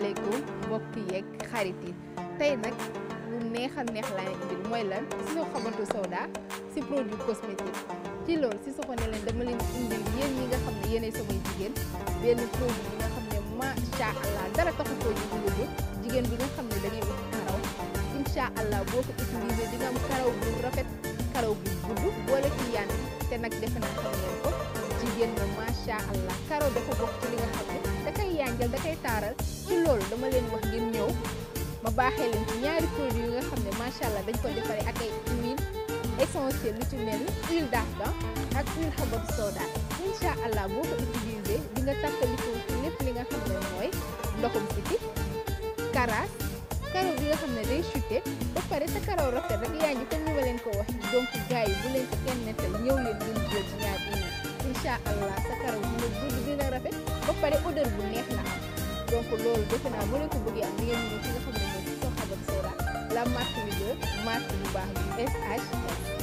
asalaamaaleykum mbokk yeeg xarit yi tey nag lu neexal neex la indi moy lan si soo xamatu sawda si produit cosmétique ci lool ci soo ko ne leen dama len indi yeen yi nga xamne yene sama jigen ben produit bi nga xamne ma sha allah dara taxu koo ji lu jigen bi nga xamne ne da ngay ut karaw insha allah boko utiliser utilisé di nga am karaw bu rafet karaw bu gudd bo boole ci yaan te nak def na ko ngeen ko jigen ma sha allah karaw dafa bok ci li nga xamne da kay yanjal da kay taral ci loolu dama leen wax ngeen ñëw ma baaxee leen ci ñaari produit yi nga xam ne macha allah dañ ko defaree ak ay huile essentielle lu ci mel huile d'argan ak huile xabaru soda incha allah boo ko utilisé di nga tàkkalikoo ci lépp li nga xam ne mooy ndoxum siti karaas karaw bi nga xam ne day ba pare sa karaw rafet rek yaa ngi comme ni ma leen ko wax donc gars yi bu leen ci kenn nettal ñëw leen ngeen jël ci ñaar incha allah sa karaw dina gudd donc loolu defe naa bu leen ko bëggee am di ngeen la marque leader marque bu